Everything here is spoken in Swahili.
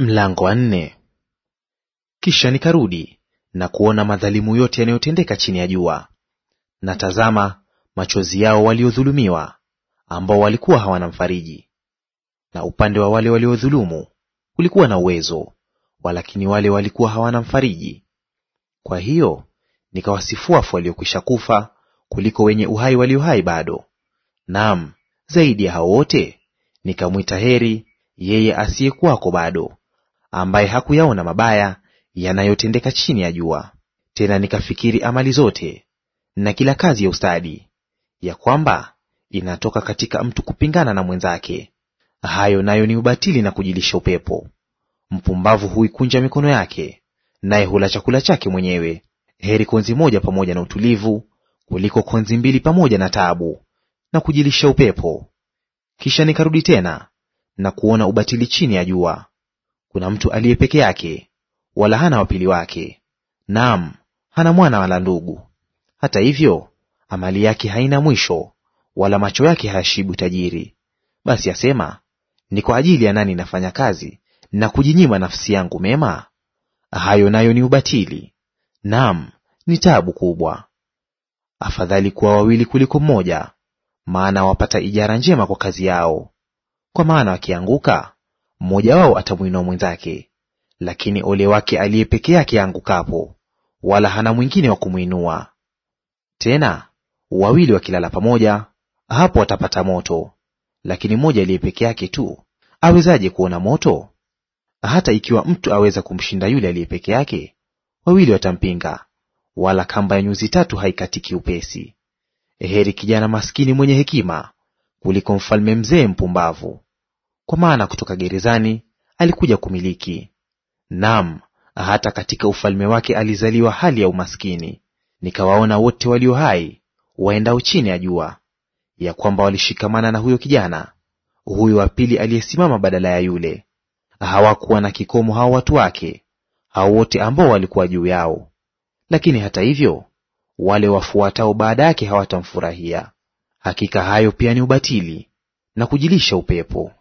Mlango wa nne. Kisha nikarudi na kuona madhalimu yote yanayotendeka chini ya jua, na tazama, machozi yao waliodhulumiwa, ambao walikuwa hawana mfariji. Na upande wa wale waliodhulumu ulikuwa na uwezo, walakini wale walikuwa hawana mfariji. Kwa hiyo nikawasifu wafu waliokwisha kufa kuliko wenye uhai walio hai bado; naam, zaidi ya hao wote nikamwita heri yeye asiyekuwako bado ambaye hakuyaona mabaya yanayotendeka chini ya jua. Tena nikafikiri amali zote na kila kazi ya ustadi, ya kwamba inatoka katika mtu kupingana na mwenzake. Hayo nayo ni ubatili na kujilisha upepo. Mpumbavu huikunja mikono yake, naye hula chakula chake mwenyewe. Heri konzi moja pamoja na utulivu kuliko konzi mbili pamoja na taabu na kujilisha upepo. Kisha nikarudi tena na kuona ubatili chini ya jua, kuna mtu aliye peke yake, wala hana wapili wake; naam, hana mwana wala ndugu. Hata hivyo amali yake haina mwisho, wala macho yake hayashibu tajiri. Basi asema, ni kwa ajili ya nani nafanya kazi na kujinyima nafsi yangu mema? Hayo nayo ni ubatili, naam, ni taabu kubwa. Afadhali kuwa wawili kuliko mmoja, maana wapata ijara njema kwa kazi yao. Kwa maana wakianguka mmoja wao atamwinua mwenzake. Lakini ole wake aliye peke yake aangukapo, wala hana mwingine wa kumwinua. Tena wawili wakilala pamoja, hapo watapata moto, lakini mmoja aliye peke yake tu awezaje kuona moto? Hata ikiwa mtu aweza kumshinda yule aliye peke yake, wawili watampinga, wala kamba ya nyuzi tatu haikatiki upesi. Heri kijana maskini mwenye hekima kuliko mfalme mzee mpumbavu kwa maana kutoka gerezani alikuja kumiliki. Naam, hata katika ufalme wake alizaliwa hali ya umaskini. Nikawaona wote walio hai waendao chini ya jua, ya kwamba walishikamana na huyo kijana huyo wa pili aliyesimama badala ya yule. Hawakuwa na kikomo hao watu wake, hao wote ambao walikuwa juu yao. Lakini hata hivyo wale wafuatao baada yake hawatamfurahia. Hakika hayo pia ni ubatili na kujilisha upepo.